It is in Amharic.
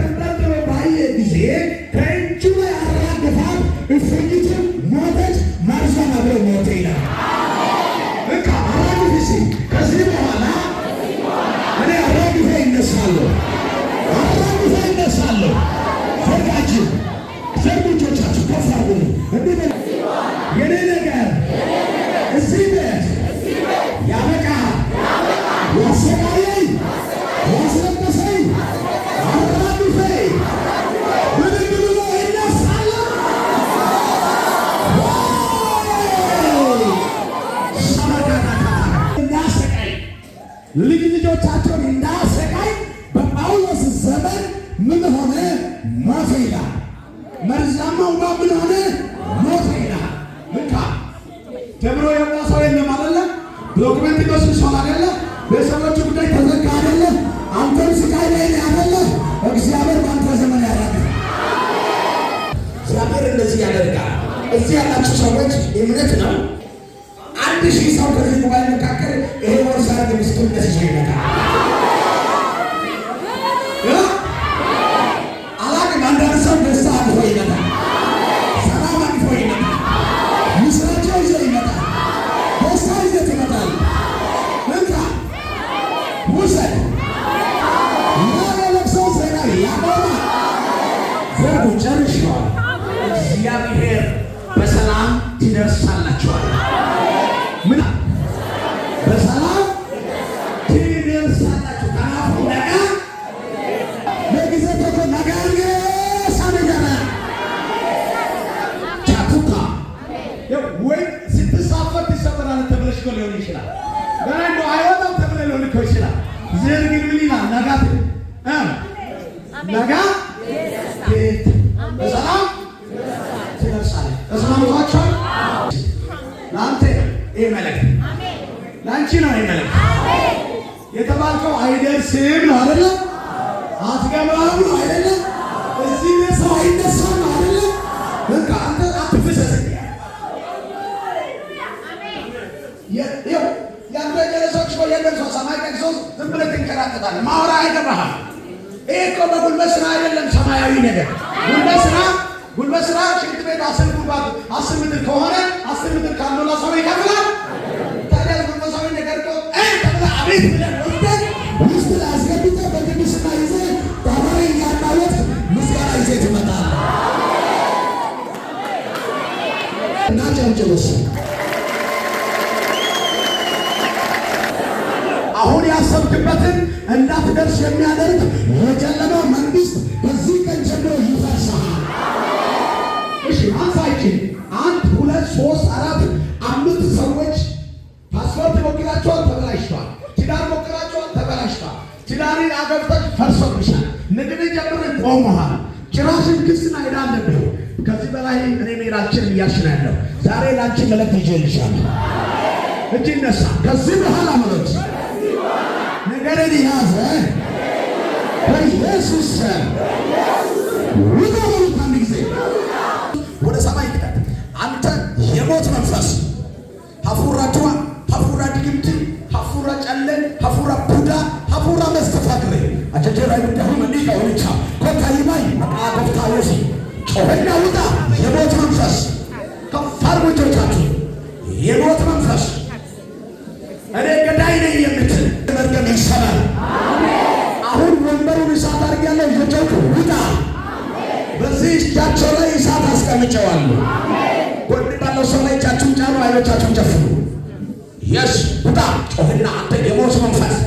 ተንጠልጥሎ ባየ ጊዜ ከእጁ ላይ አራገፋት። እፉኝትም ሞተች፣ ማርሷም አብረው ሞተ ይላል። ልጅ ልጆቻቸውን እንዳሰቃይ በጳውሎስ ዘመን ምን ሆነ? ሞተ ይላል። መርዛማው ባ ምን ሆነ? ሞተ ይላል። ልካ ተብሎ የላ ሰው የለም አደለ? ዶክመንት ይመስልሻል አደለ? ቤተሰቦቹ ጉዳይ ተዘጋ አደለ? አንተም ስቃይ ላይ አደለ? እግዚአብሔር በአንተ ዘመን ያደረገ እግዚአብሔር እንደዚህ ያደርጋል። እዚህ ያላችሁ ሰዎች እምነት ነው። አንድ ሺህ ሰው ከዚህ ጉባኤ መካከል ዛሬ ምስክርነት ይዞ ይመጣል። ደስታ አድፎ ይመጣል። ሰላም አድፎ ይመጣል። ምስራቸው ይዞ ይመጣል። ደስታ ይዘት ይመጣል። እንካ ውሰድ ያለብሰው ዜና ጨርሸዋል። እግዚአብሔር በሰላም ትደርሳላችኋል። ወይም ስትሳፈር ትሰበራለህ ተብለሽ እኮ ሊሆን ይችላል። ገና እንደ አይወጣም ተብለህ ሊሆን እኮ ይችላል። ዝርግድ ምን ይላል? ነጋ ነጋ ቤት በሰላም ትደርሳለህ። ተስማምቷችኋል? ለአንተ ይህ መልእክት ለአንቺ ነው። ይህ መልእክት የተባልከው አይደርስም ነው አይደለም ያልተወደደ ሰዎች እኮ የለም ሰው ሰማይ ጠቅሰው ዝም ብለህ ትንከራተታለህ። ማውራ አይገባህም። ይህ እኮ በጉልበት ስራ አይደለም ሰማያዊ ነገር። ጉልበት ስራ ጉልበት ስራ ሽንት ቤት አስር ጉልባት አስር ምድር ከሆነ አስር ምድር ካልሞላ ሰው ይከፍላል። ታዲያ መንፈሳዊ ነገር እኮ ተብላ አቤት ብለን ወስደን ውስጥ አሁን ያሰብክበትን እንዳትደርስ የሚያደርግ የጨለማ መንግስት በዚህ ቀን ጀምሮ ይፈርሳል። እሺ አንሳይችን አንድ ሁለት ሶስት አራት አምስት ሰዎች ፓስፖርት ሞክራቸዋል፣ ተበላሽቷል። ትዳር ሞክራቸዋል፣ ተበላሽቷል። ትዳሪ አገብተች ፈርሶብሻል። ንግድ ጀምር ቆመሃል። ጭራሽን ክስና ሄዳለብህ። ከዚህ በላይ እኔ ሜራችን ሜዳችን ያለው። ዛሬ ላንቺ መለት ይጀልሻል። እጅ ይነሳ ከዚህ በኋላ ነገርን ያዘ በኢየሱስ ስም በሉት። አንድ ጊዜ ወደ ሰማይ አንተ የሞት መንፈስ ሀፉራ ሀፉራ ድግምት፣ ሀፉራ ጨለ፣ ሀፉራ ቡዳ፣ ሀፉራ ሆንቻ ኮታይማይ ወሲ ጮኸና ውጣ የሞት መንፈስ ከፋር ጎጆቻችሁ የሞት መንፈስ እጃቸው ላይ እሳት አስቀምጨዋለሁ። ጎን ባለው ሰው ላይ እጃችሁን ጫኑ፣ አይኖቻችሁን ጨፍኑ። የስ ውጣ ጮህና አንተ የሞት መንፈስ